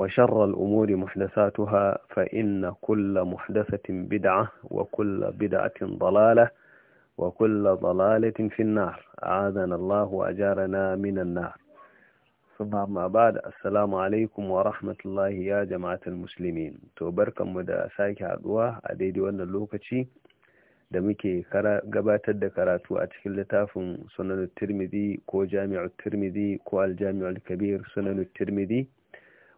وشر الأمور محدثاتها فإن كل محدثة بدعة وكل بدعة ضلالة وكل ضلالة في النار أعاذنا الله وأجارنا من النار ثم أما بعد السلام عليكم ورحمة الله يا جماعة المسلمين توبركم مدى سايك عدوى أديدي وأن اللوكتشي da muke gabatar da karatu a cikin littafin sunanin tirmidhi ko jami'ar tirmidhi ko aljami'ar kabir sunanin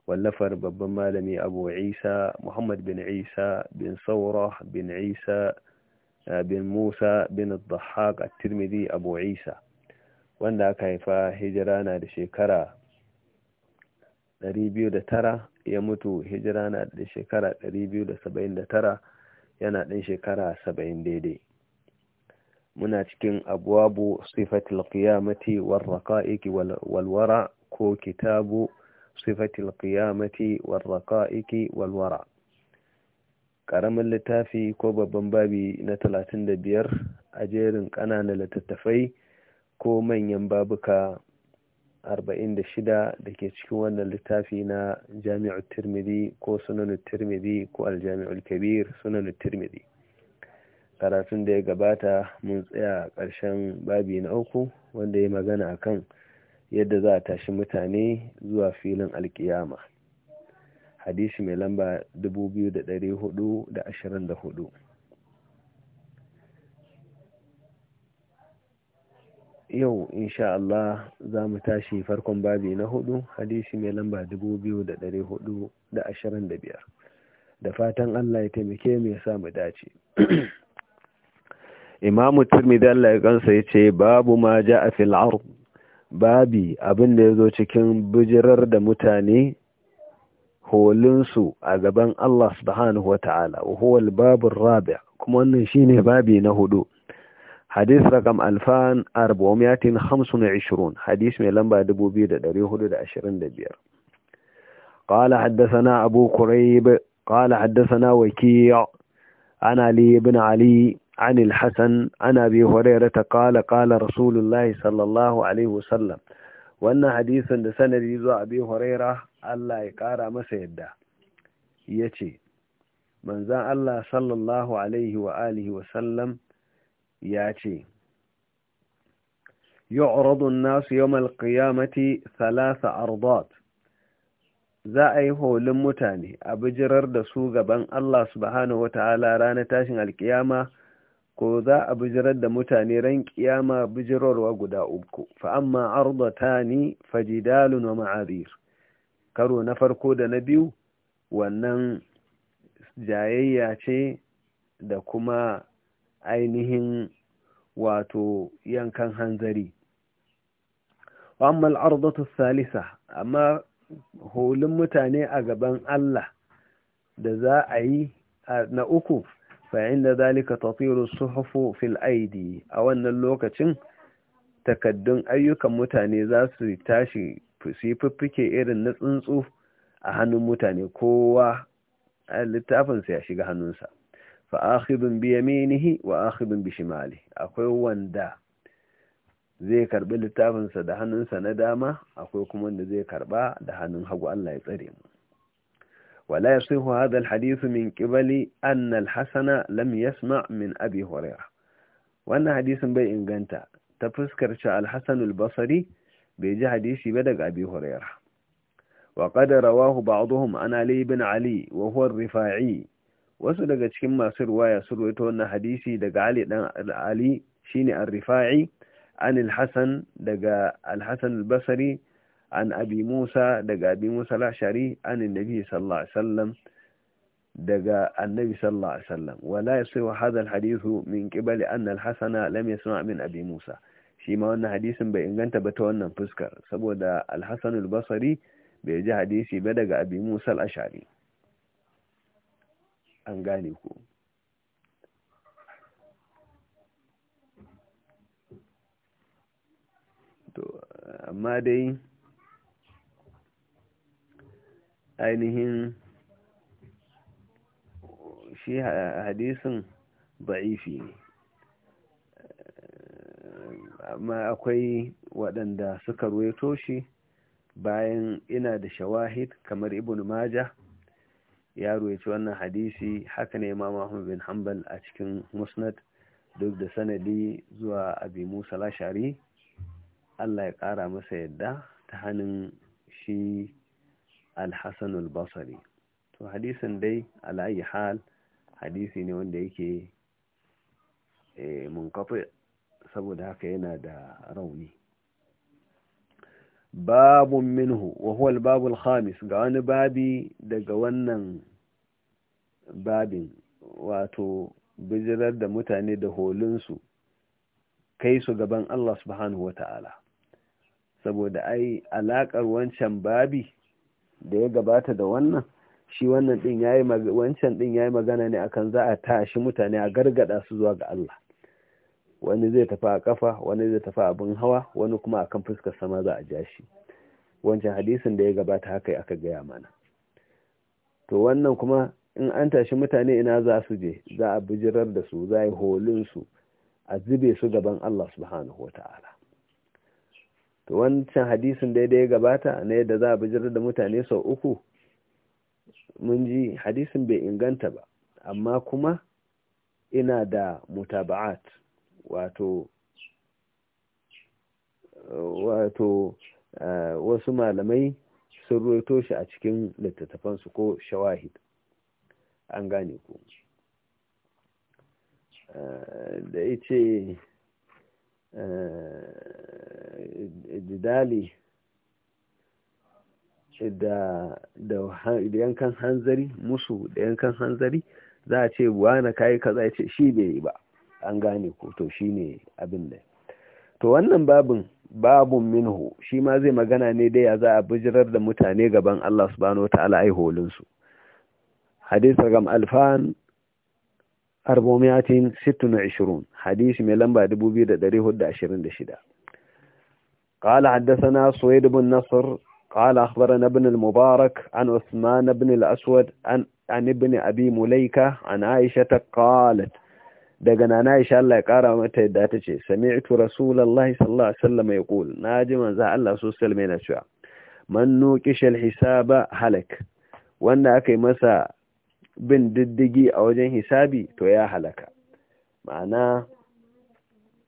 wallafar babban malami abu isa muhammad bin isa bin saura bin isa eh, bin musa bin dhahaq at-tirmidhi abu isa wanda aka haifa hijira na da shekara 209 ya mutu hijira na da shekara 279 yana ɗin shekara 70 daidai muna cikin abuwabu sifatul qiyamati war raqa'iq wal wara ko kitabu صفة القيامة والرقائق walwara. ƙaramin littafi ko babban babi na talatin da biyar a jerin ƙananan littattafai ko manyan babuka 46 da ke cikin wannan littafi na jami'ar tirmidhi ko sunanin tirmidhi ko aljami'ul kabir sunanin tirmidhi karatun da ya gabata mun tsaya ƙarshen babi na uku wanda ya yi magana akan yadda za a tashi mutane zuwa filin alkiyama hadisi mai lamba 2424 yau insha Allah za mu tashi farkon babi na hudu hadisi mai lamba 2425 da fatan Allah ya taimake mu ya sa mu dace imamu turmidi Allah ya kansa ya ce babu ma ja a fil'arun babi abin da ya zo cikin bijirar da mutane holinsu a gaban Allah subhanahu wa ta'ala huwal babin rabi, kuma wannan shine babi na hudu hadis rakam alfan hamsu hamsin ishirun hadis mai lamba dubu biyu da dari hudu da ashirin da biyar ƙala haddasa abu kurai ƙala haddasa na ana li bin ali عن الحسن عن أبي هريرة قال قال رسول الله صلى الله عليه وسلم وأن حديث سند يزوى أبي هريرة الله يقارى مسيدة يتي من ذا الله صلى الله عليه وآله وسلم يأتي يعرض الناس يوم القيامة ثلاث أرضات za a yi holin mutane a bijirar da su gaban Allah subhanahu wa ta'ala ranar tashin alkiyama ko za a bijirar da mutane ran kiyama bijirarwa guda uku fa amma ardatani fajidalun wa ma'azir karo na farko da na biyu wannan jayayya ce da kuma ainihin wato yankan hanzari wa amma al'ardatu salisa amma holin mutane a gaban Allah da za a yi na uku fa'inda zalika tatiru suhufu fil aidi a wannan lokacin takaddun ayyukan mutane za su tashi su yi irin na tsuntsu a hannun mutane kowa a littafinsa ya shiga hannunsa fa'akhidun bi yaminihi wa akhidun bi shimali akwai wanda zai karbi littafinsa da hannunsa na dama akwai kuma wanda zai karba da hannun hagu Allah ya tsare mu ولا يصح هذا الحديث من قبل أن الحسن لم يسمع من أبي هريرة وأن حديث بي إنغانتا تفسكر شاء الحسن البصري بيجي حديث بدق أبي هريرة وقد رواه بعضهم عن علي بن علي وهو الرفاعي wasu daga cikin masu ruwaya sun ruwaito wannan hadisi daga Ali dan Ali shine Ar-Rifa'i an hasan daga al-Hasan an abi musa daga abi musa lashari an annabi sallallahu alaihi wasallam daga annabi sallallahu alaihi wasallam wala yasihu hadha alhadithu min qibali anna alhasana lam yasma' min abi musa shi ma wannan hadisin bai inganta ba ta wannan fuskar saboda alhasan albasri bai ji hadisi ba daga abi musa al an gane ku to amma dai ainihin shi hadisin ba'ifi ne amma akwai waɗanda suka ruwaito shi bayan ina da shawahid kamar ibn maja ya ruwaito wannan hadisi haka ne imam ahmad bin hanbal a cikin musnad duk da sanadi zuwa abi musa lashari allah ya ƙara masa yadda ta hannun shi alhassanul basari to hadisin dai ala'ayi hal hadisi ne wanda yake eh, mun kafa saboda haka yana da rauni babun minhu wa Babu babul khamis ga wani babi daga wannan babin wato bijirar da mutane da holinsu kai su gaban Allah subhanahu wa ta'ala saboda ai alaƙar wancan babi da ya gabata da wannan shi wannan din yayi wancan din yayi magana ne akan za a tashi mutane a gargada su zuwa ga Allah wani zai tafi a kafa wani zai tafi a bin hawa wani kuma akan fuskar sama za a ja shi wancan hadisin da ya gabata haka aka gaya mana to wannan kuma in an tashi mutane ina za su je za a bijirar da su za a yi holin su a zube su gaban Allah subhanahu wataala to wancan hadisin daidai ya gabata na yadda za a bijirar da mutane sau uku mun ji hadisin bai inganta ba amma kuma ina da mutaba'at wato wato eh, wasu malamai sun roto shi a cikin littattafansu ko shawahid an gane ku eh, da ya ce didali da yankan hanzari musu da yankan hanzari za a ce na kayi kaza ya ce shi bai yi ba an gane ko to shi ne abin da to wannan babin babun minhu shi ma zai magana ne da ya za a bijirar da mutane gaban Allah subhanahu wa ta'ala ai holinsu hadis ragam alfan 426 حديث من لمبا 2426 قال حدثنا سويد بن نصر قال أخبرنا ابن المبارك عن عثمان بن الأسود عن, عن ابن أبي مليكة عن عائشة قالت دقنا عائشة الله قال متى داتك سمعت رسول الله صلى الله عليه وسلم يقول ناجما زع الله صلى الله عليه من نوكش الحساب هلك وأن أكي مسا bin diddigi a wajen hisabi to ya halaka ma'ana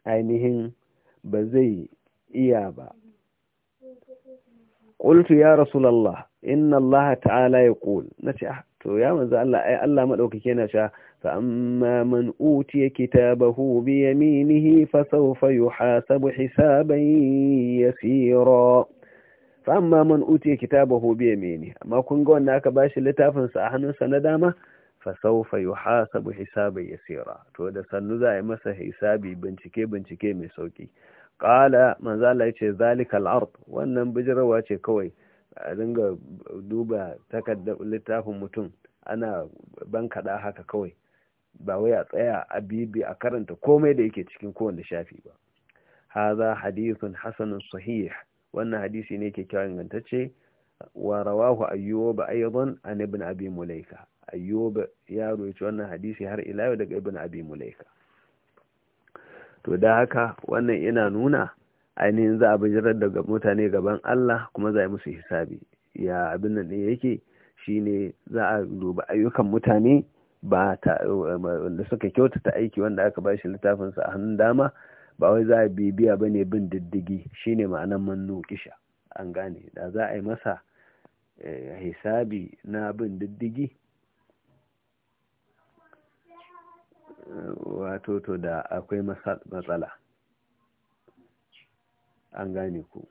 ainihin ba zai iya ba ƙultu ya rasulallah inna Allah ta'ala ya ƙul na ce ah, to ya manzo Allah ai Allah madaukake na sha fa amma man utiya kitabahu bi yaminihi fa sawfa yuhasabu hisaban yasira fa man utiya kitabahu bi yamini amma kun ga wanda aka bashi littafin sa a hannunsa na dama fa sawfa yuhasabu ya yasira to da sannu za a yi masa hisabi bincike bincike mai sauki qala manzo Allah yace zalikal ard wannan bijirawa ce kawai a dinga duba takardar littafin mutum ana ban haka kawai ba wai a tsaya a bibi a karanta komai da yake cikin kowane shafi ba haza hadithun hasanun sahih wannan hadisi ne ke kyakkyawan ingantacce wa rawahu ayyub aidan an ibn abi mulaika ayyub ya roci wannan hadisi har ila yau daga ibn abi mulaika to da haka wannan yana nuna ainihin za a bijirar daga mutane gaban Allah kuma za a yi musu hisabi ya abin nan ne yake shine za a duba ayyukan mutane ba ta wanda suka kyautata aiki wanda aka bashi littafinsa a hannun dama ba wai za a bibiya ba ne bin diddigi shine ma'anan mannu kisha an gane da za a yi masa eh, hisabi na bin diddigi eh, wato to da akwai matsala an gane ku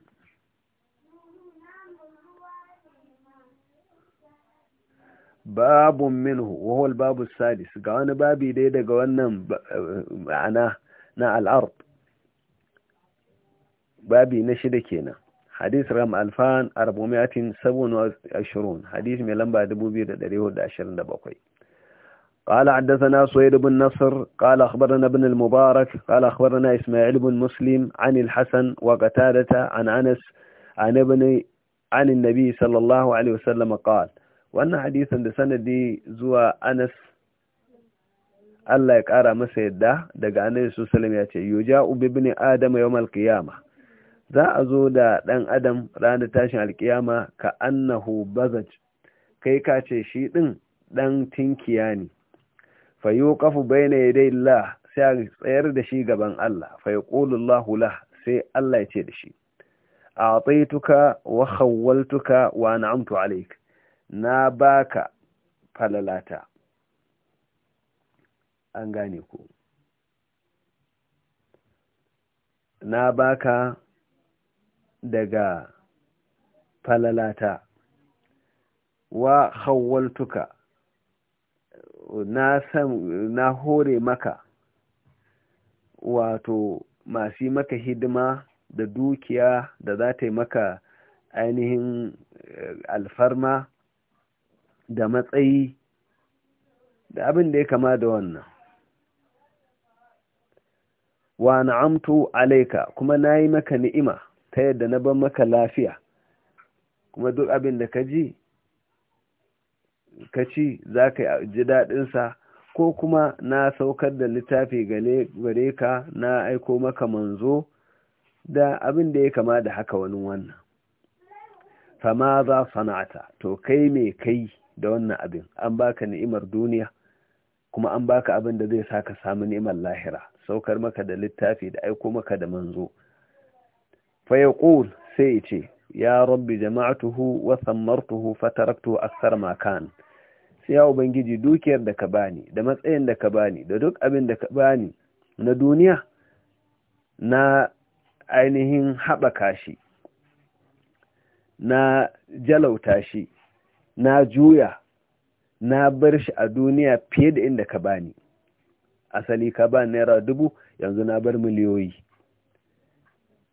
babun minhu wahol babu sadis ga wani babi dai daga wannan eh, ma'ana na al'ar babi na shida kenan hadis ram alfan arbomiyatin sabon ashirin hadis mai lamba 2427 قال حدثنا سويد بن نصر قال أخبرنا ابن المبارك قال أخبرنا إسماعيل بن مسلم عن الحسن وقتادة عن أنس عن عن النبي صلى الله عليه وسلم قال وأن حديثا لسندي زوى أنس Allah ya ƙara masa yadda daga annabi sallallahu alaihi wasallam ya ce yuja'u bi adam yawm al za a zo da ɗan adam ranar tashin alkiyama ka annahu bazaj kai ka ce shi ɗin ɗan tinkiya ne fayo kafu bai na dai la sai a tsayar da shi gaban Allah fayo ƙolullahu la sai Allah ya ce da shi a tsaituka wa hawaltuka wa na'amtu alaik na baka falalata an gane ku na baka daga falalata wa hawaltuka na na hore maka wato masu maka hidima da dukiya da za ta yi maka ainihin eh, alfarma da matsayi da abin da ya kama da wannan wa na'amtu alaika kuma na yi maka ni'ima ta yadda na ban maka lafiya kuma duk abin da ka ji ka ci za ka ji daɗinsa ko kuma na saukar da littafi gare ka na aiko maka manzo da abin da ya kama da haka wani wannan fama za sana'ata to kai mai kai da wannan abin an baka ni'imar duniya kuma an baka abin da zai sa ka samu ni'imar lahira saukar maka da littafi da aiko maka da manzo fayaqul sai ce ya rabbi jama'atuhu wa sammartuhu fataraktu akthar ma kan sai ya ubangiji dukiyar da ka bani da matsayin da ka bani da duk abin da ka bani na duniya na ainihin haɓaka shi na jalauta shi na juya na bar shi a duniya fiye da inda ka bani asali ka ba naira dubu yanzu na bar miliyoyi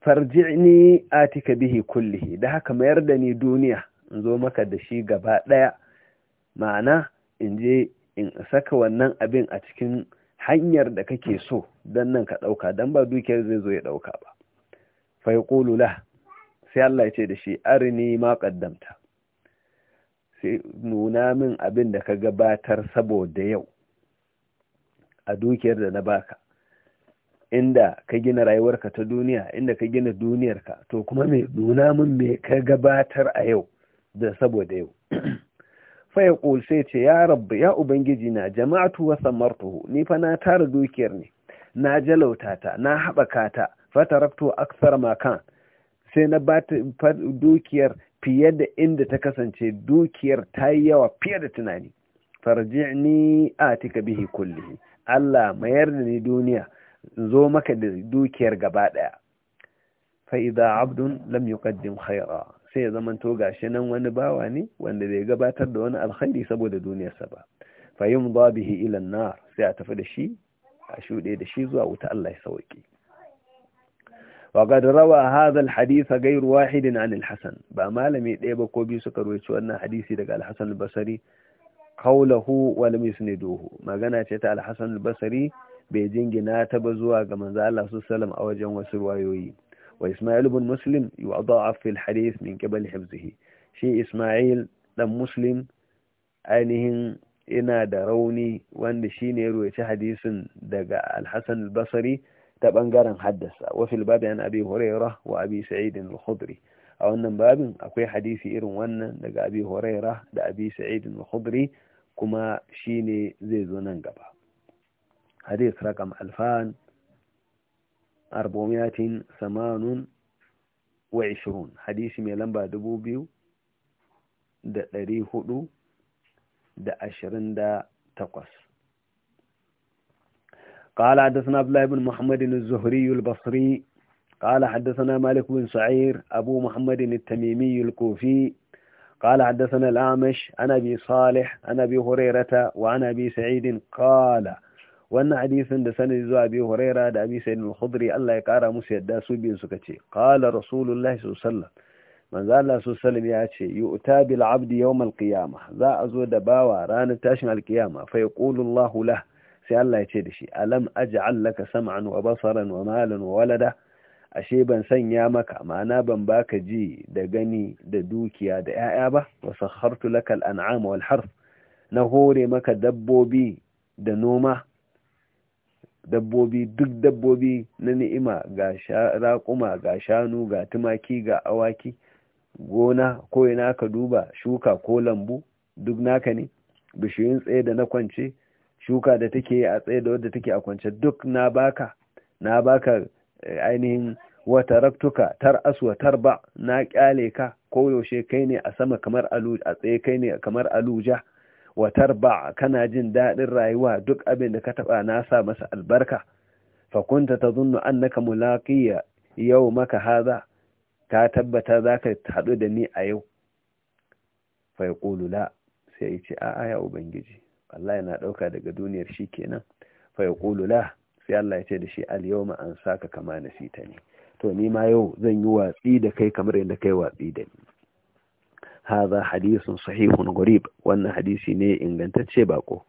farji'ni atika bihi kullihi da haka mayar da ni duniya in zo maka da shi gaba ɗaya ma'ana in je in saka wannan abin a cikin hanyar da kake so don nan ka ɗauka don ba dukiyar zai zo ya ɗauka ba fai ƙulula sai Allah ya ce da shi arini ma ƙaddamta sai nuna min abin da ka gabatar saboda yau a dukiyar da na baka inda ka gina rayuwarka ta duniya inda ka gina duniyarka to kuma mai nuna min me ka gabatar a yau da saboda yau faya sai ce ya rabbi ya ubangiji na jama'atu wa samartuhu ni fa na tara dukiyar ne na jalauta ta na haɓaka ta fataraktu aksar makan sai na ba dukiyar fiye da inda ta kasance dukiyar ta yi yawa fiye da tunani a atika bihi kullihi Allah mayar da ni duniya zo maka da dukiyar gaba ɗaya fa'iza abdun lam yuqaddim khaira sai ya zamanto gashi nan wani bawa ne wanda bai gabatar da wani alkhairi saboda duniyarsa ba fa yumda bihi ilan na sai a tafi da shi a shuɗe da shi zuwa wuta Allah ya sauke وقد روى هذا الحديث غير واحد عن الحسن ba malami ɗaya ba ko biyu suka rawaito wannan hadisi daga al-Hasan al-Basri qawluhu wa lam magana ce ta al-Hasan bai jingina ta ba zuwa ga manzo Allah Salam a wajen wasu ruwayoyi wa Ismail ibn Muslim yu'dha'af fil hadith min qibal hifzihi shi Ismail dan Muslim ainihin ina da rauni wanda shine ya ruwaci hadisin daga Al-Hasan al-Basri ta bangaren haddasa wa fil babi an Abi wa Abi Sa'id al-Khudri a wannan babin akwai hadisi irin wannan daga Abi Hurairah da Abi Sa'id al-Khudri kuma shine zai zo nan gaba حديث رقم 2428 حديث من لمبا دبو بيو da ɗari hudu دا ashirin دا تقص قال حدثنا عبد الله بن محمد الزهري البصري قال حدثنا مالك بن سعير أبو محمد التميمي الكوفي قال حدثنا الأعمش أنا بي صالح أنا بي هريرة وأنا بي سعيد قال wannan hadisin da sanadi zuwa biyu huraira da abi sayyid al-khudri Allah ya kara musu yadda su biyun suka ce qala rasulullahi sallallahu manzo Allah sallallahu ya ce yu'ta bil abdi yawm al-qiyamah za a zo da bawa ranar tashin al-qiyama fa yaqulu lah sai Allah ya ce da shi alam aj'al laka sam'an wa basaran wa malan wa walada ashe ban sanya maka ma'ana ban baka ji da gani da dukiya da 'ya'ya ba wa sakhartu laka al-an'ama wal harf na hore maka dabbobi da noma dabbobi duk dabbobi na ni'ima ga raƙuma ga shanu ga tumaki ga awaki gona ko ina ka duba shuka ko lambu duk naka ne bishiyun tsaye da na kwance shuka da take a tsaye da wadda take a kwance duk na baka na baka eh, ainihin wata raktuka tar aswa tar ba na kyale ka koyaushe kai ne a sama kamar kai ne kamar aluja watar tarba kana jin daɗin rayuwa duk abin da ka taɓa nasa sa masa albarka fa kunta an annaka mulaƙiya yau maka haza ka tabbata za ka haɗu da ni a yau fa sai ya ce a'a ya ubangiji wallahi yana ɗauka daga duniyar shi kenan fa sai Allah ya ce da shi al yawma an saka kama nasita ne to ni ma yau zan yi watsi da kai kamar yadda kai watsi da ni hadha hadithun sahihun gharib wannan hadisi ne ingantacce baƙo.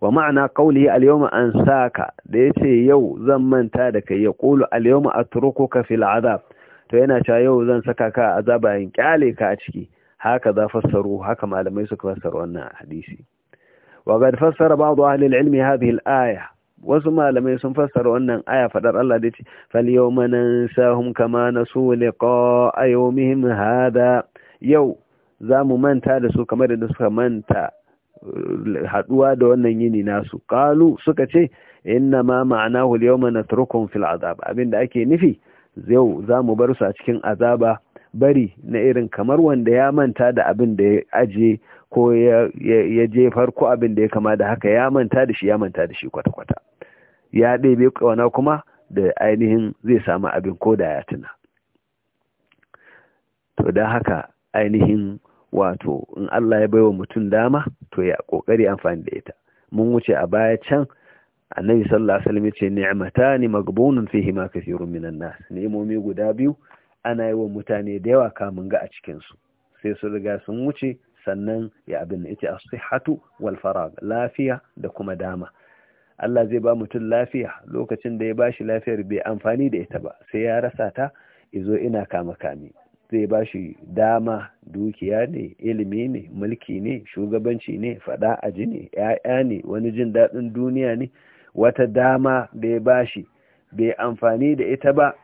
wa ma'ana qawli al ansa ka. da yace yau zan manta da kai ya qulu al-yawma atrukuka fil azab to yana cewa yau zan saka ka azaba in kyale ka a ciki haka za fassaru haka malamai suka fassara wannan hadisi wa qad fassara ba'd ahli al-ilmi hadhihi al-aya wasu malamai sun fassara wannan aya fadar Allah da ce falyawma nansahum kama nasu hada yau za mu manta da su kamar da suka manta eh, haduwa da wannan yini nasu Kalu suka ce inna ma ma'anahu al-yawma natrukum fil azab abinda ake nufi yau za mu bar su a cikin azaba bari na irin kamar wanda ya manta da abin da ya aje ko ya jefar ko abin da ya kama da haka ya manta da shi ya manta da shi kwata-kwata ya ɗebe kawana kuma da ainihin zai samu abin ko da ya tuna to don haka ainihin wato in Allah ya baiwa mutum dama to ya kokari amfani da ita mun wuce a baya can annabi sallallahu alaihi wasallam ya ce ni'matani maghbunun fihi ma kathirun minan nas ni'imomi guda biyu ana yi wa mutane da yawa kamun ga a cikin su sai su riga sun wuce sannan ya abin yace as-sihhatu wal farag lafiya da kuma dama Allah zai ba mutum lafiya lokacin da ya bashi lafiyar bai amfani da ita ba sai ya rasa ta izo ina kama kami zai ba shi dama dukiya ne ilimi ne mulki ne shugabanci ne fada aji ne ‘ya'ya ne wani jin daɗin duniya ne wata dama da ya ba shi bai amfani da ita ba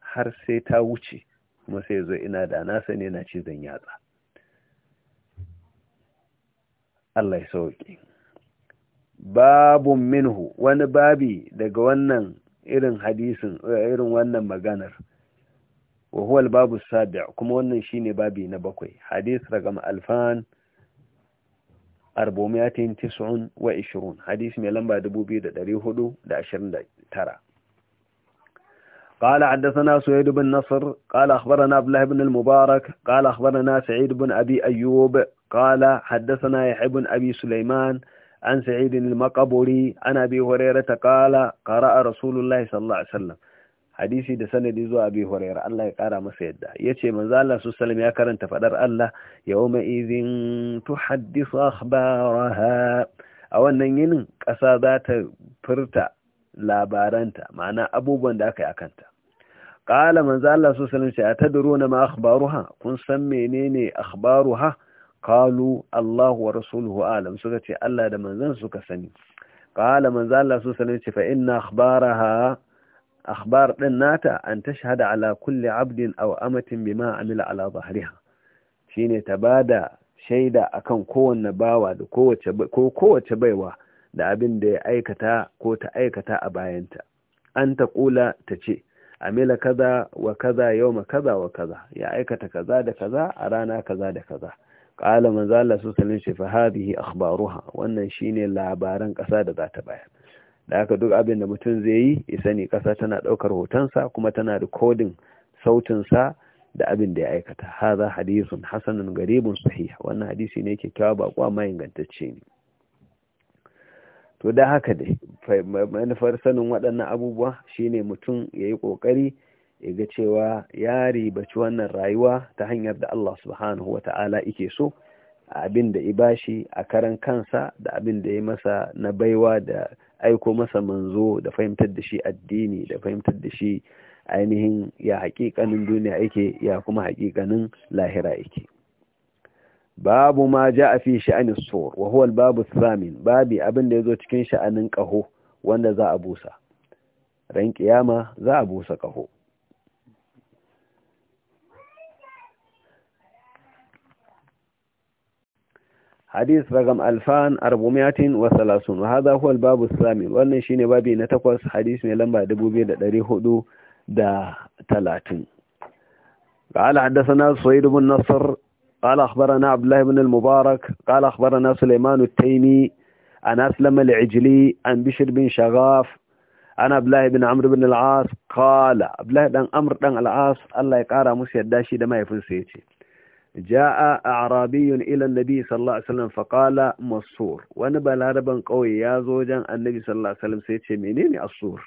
har sai ta wuce kuma sai zo ina da nasa ne na cizon yatsa Allah ya sauƙi babun minhu wani babi daga wannan irin hadisin irin wannan maganar wa بابي babu حديث رقم الفان shine babi na حديث hadith بعد بوبي 429 hadith داشرن دا ترى قال حدثنا سويد بن نصر قال أخبرنا عبد الله بن المبارك قال أخبرنا سعيد بن أبي أيوب قال حدثنا يحيى بن أبي سليمان عن سعيد المقبري عن أبي هريرة قال قرأ رسول الله صلى الله عليه وسلم hadisi da sanadi zuwa abi hurairah Allah ya kara masa yadda yace manzo Allah su sallam ya karanta fadar Allah yawma idhin tuhaddisu akhbaraha a wannan yinin kasa za ta furta labaranta ma'ana abubuwan da aka yi akanta qala manzo Allah su sallam ya tadruna ma akhbaruha kun san menene akhbaruha qalu Allah wa rasuluhu alam suka ce Allah da manzon suka sani qala manzo Allah su sallam ya ce fa inna akhbaraha akhbar din nata an tashhada ala kulli abdin aw amatin bima amila ala zahriha shine ta da shaida akan kowanne bawa da kowace ko kowace baiwa da abin da ya aikata ko ta aikata a bayanta an ta kula ta ce amila kaza wa kaza yawma kaza wa kaza ya aikata kaza da kaza a rana kaza da kaza qala manzo Allah sallallahu alaihi fa hadhihi akhbaruha wannan shine labaran kasa da za ta bayar da haka duk abin da mutum zai yi ya sani kasa tana ɗaukar hotonsa kuma tana rikodin sautinsa da abin da ya aikata haza hadisun hasanun garibun sahih wannan hadisi ne kyakkyawa ba kuwa ma ingantacce ne to da haka dai manufar sanin waɗannan abubuwa shine mutum ya yi ƙoƙari ya ga cewa ya ribaci wannan rayuwa ta hanyar da Allah subhanahu wa ta'ala ike so abin da shi, a karan kansa da abin da ya masa na baiwa da aiko masa manzo da fahimtar da shi addini da fahimtar da shi ainihin ya haƙiƙanin duniya yake ya kuma haƙiƙanin lahira yake babu ma ja a fi sha'ani sor wa huwal babu samin babi abin da ya zo cikin sha'anin ƙaho wanda za a busa ran kiyama za a busa ƙaho حديث رقم 2430 وهذا هو الباب الثامن wannan shine babi na takwas hadisi ne lamba 2430 قال حدثنا سعيد بن نصر قال اخبرنا عبد الله بن المبارك قال اخبرنا سليمان التيمي عن اسلم العجلي عن بشر بن شغاف عن عبد الله بن عمرو بن العاص قال عبد الله بن عمرو بن العاص الله يقرا مس يدا شي da mahaifinsa yace ja'a a ila annabi sallallahu alaihi masur wani balaraban kauye ya zo wajen annabi sallallahu alaihi sai ce menene asur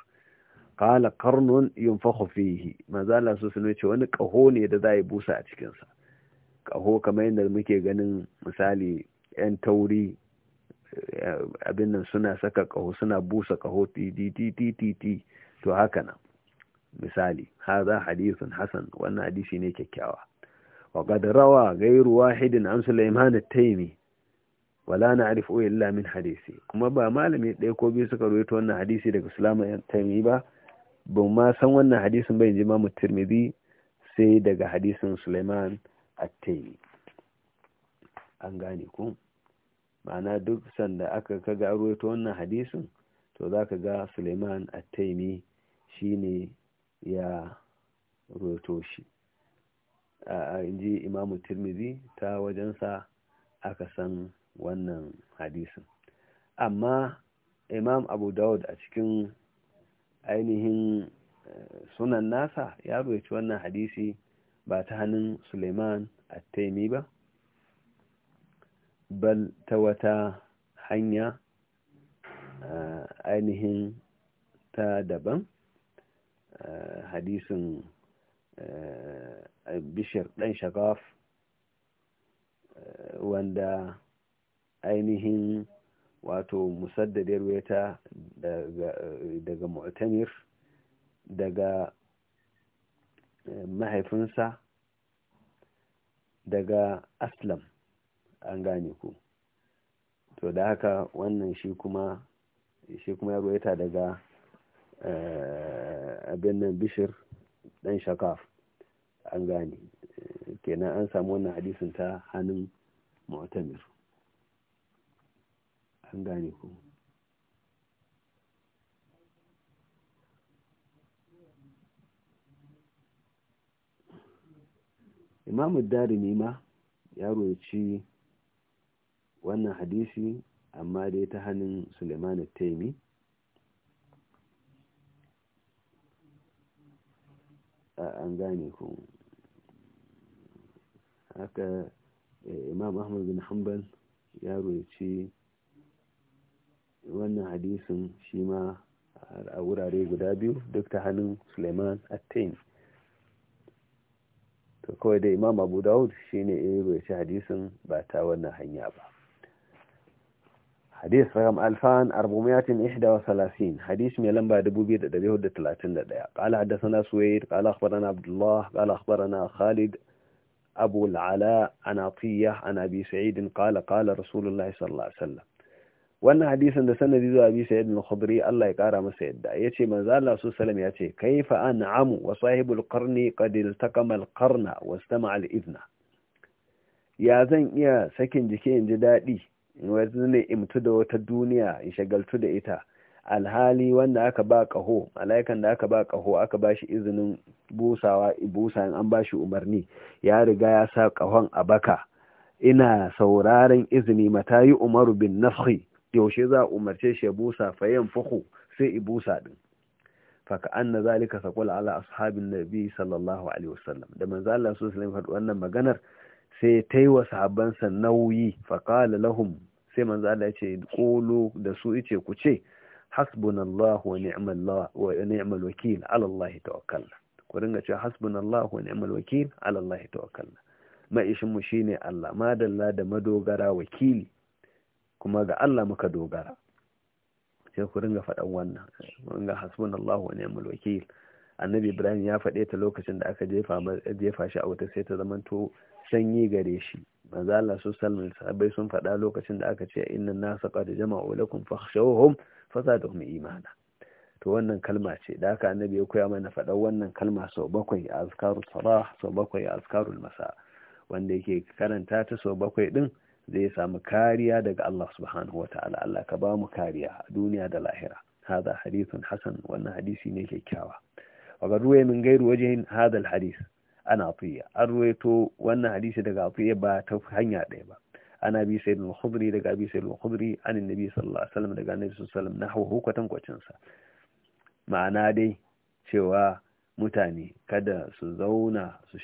kala karnon yunfakhu fihi manzo Allah su sun ce wani kaho ne da za yi busa a cikinsa sa kaho kamar yadda muke ganin misali yan tauri abin nan suna saka kaho suna busa kaho ti to haka nan misali haza hadisin hasan wannan hadisi ne kyakkyawa وقد روى غير واحد عن سليمان التيمي wala na الا illa min hadisi kuma ba malami ɗaya ko biyu suka wannan hadisi daga al-Taymi ba ban ma san wannan hadisin bai ji mamu tirmidhi sai daga hadisin suleiman al-Taymi an gane ku ma'ana duk sanda aka kaga rawaito wannan hadisin to zaka ga suleiman al-Taymi shine ya rawaito shi in inji imamu tirmidhi ta wajensa aka san wannan hadisin amma imam abu dawud a cikin ainihin eh, sunan nasa ya rubuci wannan hadisi ba ta hannun suleiman At-taimi ba bal ta wata hanya eh, ainihin ta daban eh, hadisin bishir ɗan shagaf wanda ainihin wato musaddadar weta daga mu'tamir daga mahaifinsa daga aslam an gane ku to da haka wannan shi kuma shi kuma ya daga abin nan bishir dan shakaf an gane kenan an samu wannan hadisin ta hannun mu'tamir an gane ku imamu darimi ma ya roci wannan hadisi amma dai ta hannun suleiman taimi an gane ku haka eh, imam ahmad bin hanbal ya roci wannan hadisin shi ma a wurare guda biyu duk ta hannun suleiman attain to kawai da imam abu dawud shi ne ya roci hadisin ba ta wannan hanya ba hadis rakam alfan arbumiyatin ihda wa salasin hadis mai lamba dubu biyu da ɗari hudu da talatin da ɗaya ƙala haddasana suwaid ƙala akhbarana abdullah ƙala akhbarana khalid abu al'ala an atiyya an sa'idin ƙala ƙala rasulullahi sallallahu alaihi wasallam wannan hadisin da sanadi zuwa bi sayyid al-khudri Allah ya kara masa yadda yace manzo Allah su sallam yace kaifa an'amu wa sahibul qarni qad iltaqama al-qarna wastama'a al idna. ya zan iya sakin jiki inji ji dadi yanzu ne imtu da wata duniya in shagaltu da ita alhali wanda aka ba kaho mala'ikan da aka ba kaho aka ba shi izinin busawa ibusa in an ba shi umarni ya riga ya sa kahon a baka ina sauraron izini mata yi umaru bin nafi yaushe za umarce shi ya busa fayan fuhu sai ibusa busa din faka na zalika saqul ala ashabin nabi sallallahu alaihi wasallam da manzo Allah sallallahu alaihi wasallam wannan maganar sai ta yi wa sahabansa nauyi faƙala lahum sai manzo Allah ya ce Kulu da su ice ku ce hasbunallahu wa ni'mal wa ni'mal wakil ala Allah tawakkalna ku ringa cewa hasbunallahu wa ni'mal wakil ala Allah tawakkalna ma'ishin mu shine Allah madalla da madogara wakili kuma ga Allah muka dogara sai ku ringa faɗan wannan ringa hasbunallahu wa ni'mal wakil annabi Ibrahim ya faɗe ta lokacin da aka jefa jefa shi a wuta sai ta zamanto sanyi gare shi maza Allah su sallallahu sun faɗa lokacin da aka ce inna nasa qad jama'u lakum fakhshawhum fazadahum imana to wannan kalma ce da aka annabi ya koya mana faɗa wannan kalma sau bakwai a azkarul sabah sau bakwai a azkarul masa wanda yake karanta ta sau bakwai din zai samu kariya daga Allah subhanahu wataala Allah ka ba mu kariya a duniya da lahira hada hadithun hasan wannan hadisi ne kyakkyawa wa ruwaya min gairu wajen hadal hadith ana fiya an ruwaito wannan hadisi daga fiye ba ta hanya ɗaya ba ana bi sai da khudri daga bi sai da khudri an annabi sallallahu alaihi wasallam daga annabi sallallahu alaihi wasallam na hukwatan kwacin sa ma'ana dai cewa mutane kada su zauna su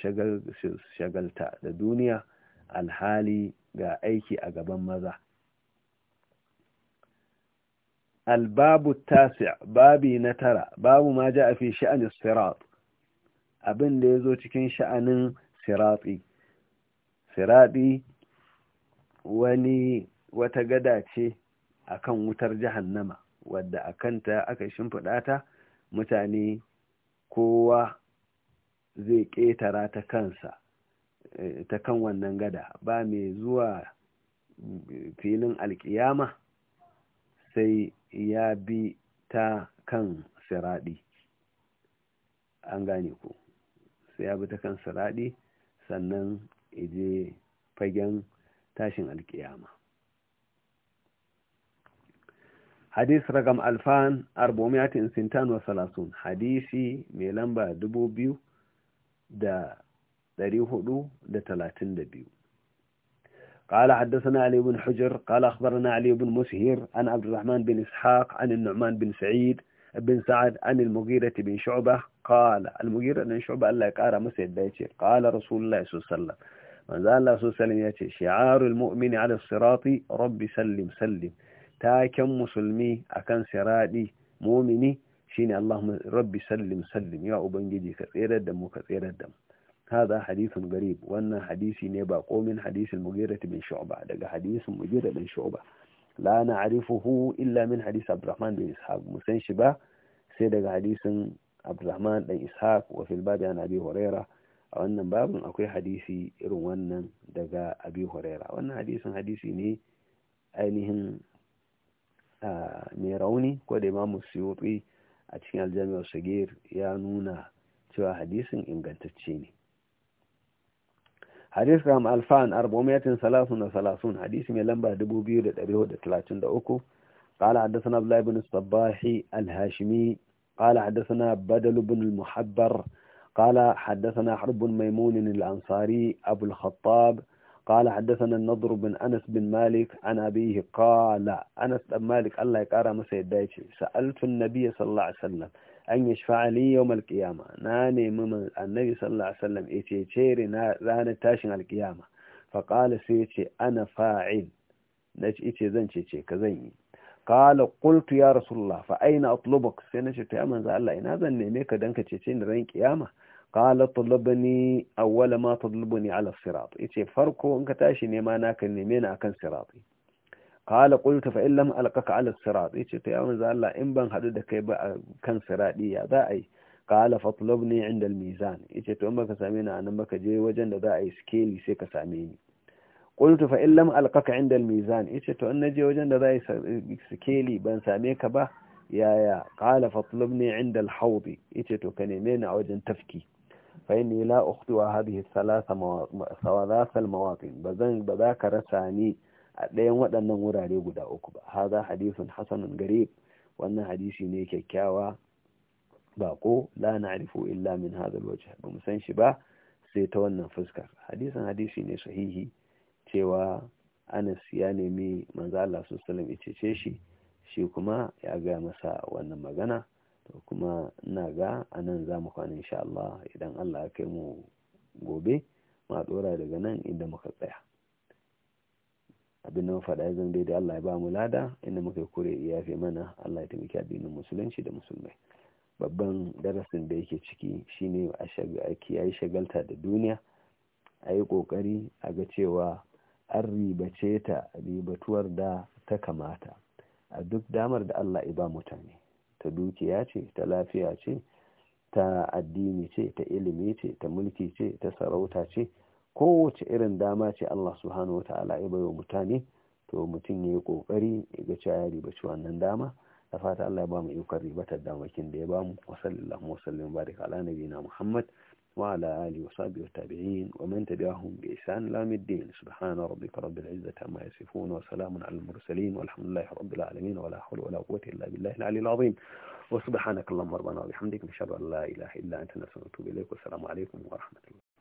shagalta da duniya alhali ga aiki a gaban maza albabu tasi babi na tara babu ma ja a fi sha'anin sirat abin da ya zo cikin sha'anin siratsi siratsi wani wata gada ce a kan wutar jahannama wadda a kanta aka shimfiɗa ta mutane kowa zai ƙetara ta kansa eh, ta kan wannan gada ba mai zuwa filin alƙiyama sai ya bi ta kan siraɗi an gane ku sai ya bi ta kan saraɗi sannan ije fagen tashin alkiyama hadis ragam alfan arbomiyatin sintan wa salasun hadisi mai lamba dubu biyu da ɗari hudu da talatin da biyu قال حدثنا علي بن حجر قال أخبرنا علي بن مسهر عن عبد الرحمن بن إسحاق عن النعمان bin sa'ad amin al-mughira bin shu'ba qala al-mughira bin shu'ba Allah ya kara masa yadda yace qala rasulullahi sallallahu manzo Allah sallallahu alaihi yace shi'arul mu'mini 'ala as-sirati rabbi sallim sallim taken musulmi akan siraɗi mu'mini shine Allahumma rabbi sallim sallim ya ubangiji ka tserar da mu ka tserar da mu هذا حديث غريب وأن حديثي نبا قوم حديث المغيرة بن شعبة دقى حديث المغيرة بن شعبة la na hu! illa min hadisi abdurrahman bin ishaq mu san shi ba sai daga hadisin abdurrahman dan ishaq wa fil babi an abi huraira a wannan babin akwai hadisi irin wannan daga abi huraira wannan hadisin hadisi ne ainihin mai rauni ko da imamu suyuti a cikin aljami'ar sagir ya nuna cewa hadisin ingantacce ne hadis ram alfan 433 hadisi mai lamba 2433 قال حدثنا عبد الله بن الصباح الهاشمي قال حدثنا بدل بن المحبر قال حدثنا حرب بن ميمون الأنصاري أبو الخطاب قال حدثنا النضر بن أنس بن مالك عن أبيه قال أنس بن مالك الله يقارى مسيد دايتي سألت النبي صلى الله عليه وسلم an yi shafa'ali yau malkiyama na nemi annabi sallallahu alaihi wasallam ya ce cere na ranar tashin alkiyama faƙala sai ya ce ana fa'in na ce zan ce ka zan yi ƙala ƙultu ya rasulullah fa aina atlubuk sai na ce ta yaman za Allah ina zan neme ka don ka ce ni ran kiyama ƙala tulubani awwala ma tulubani ala sirat ce farko in ka tashi nema na ka neme na akan sirat qala qultu fa in lam alqaka ala sirat yace ya manzo Allah in ban hadu da kai ba kan siradi ya za a qala fatlubni inda almizan yace to in baka same ni anan baka je wajen da za a yi scale sai ka same ni qultu fa in alqaka inda almizan yace to in naje wajen da za scale ban same ka ba yaya qala fatlubni inda alhawd yace to ka neme ni a wajen tafki fa inni la ukhtu hadhihi thalatha mawaqin bazan bazaka rasa ni a ɗayan waɗannan wurare guda uku ba haza hadisun hasanun garib wannan hadisi ne kyakkyawa bako la na'rifu illa min hadha alwajh ba mu san shi ba sai ta wannan fuska. hadisin hadisi ne sahihi cewa Anas ya nemi manzo Allah sallallahu alaihi shi shi kuma ya ga masa wannan magana to kuma na ga anan zamu kwana insha Allah idan Allah ya kai mu gobe ma dora daga nan inda muka tsaya abin da mafaɗa ya zama daidai Allah ya ba mu lada inda muka kure ya fi mana Allah ya taimaki addinin musulunci da musulmai babban darasin da yake ciki shine a kiyaye shagalta da duniya a yi ƙoƙari a ga cewa an ribace ta ribatuwar da ta kamata a duk damar da Allah ya ba mutane ta dukiya ce ta lafiya ce ta addini ce ta ilimi ce ta mulki ce ta sarauta ce kowace irin dama ce Allah subhanahu wa ta'ala ya baiwa mutane to mutum ya yi kokari ya ga cewa ya ci wannan dama da fata Allah ya ba mu ikon ribatar damakin da ya ba mu wa sallallahu wa sallam baraka ala nabiyina Muhammad wa ala alihi wa sahbihi wa tabi'in wa man tabi'ahum bi ihsan ila yawmiddin subhana rabbika rabbil izzati amma yasifun wa salamun alal mursalin walhamdulillahi rabbil alamin wa la hawla wa la quwwata illa billahi al-ali al-azim wa subhanaka allahumma rabbana wa bihamdika nashhadu an la ilaha illa anta nastaghfiruka wa natubu ilayk wa assalamu alaykum wa rahmatullahi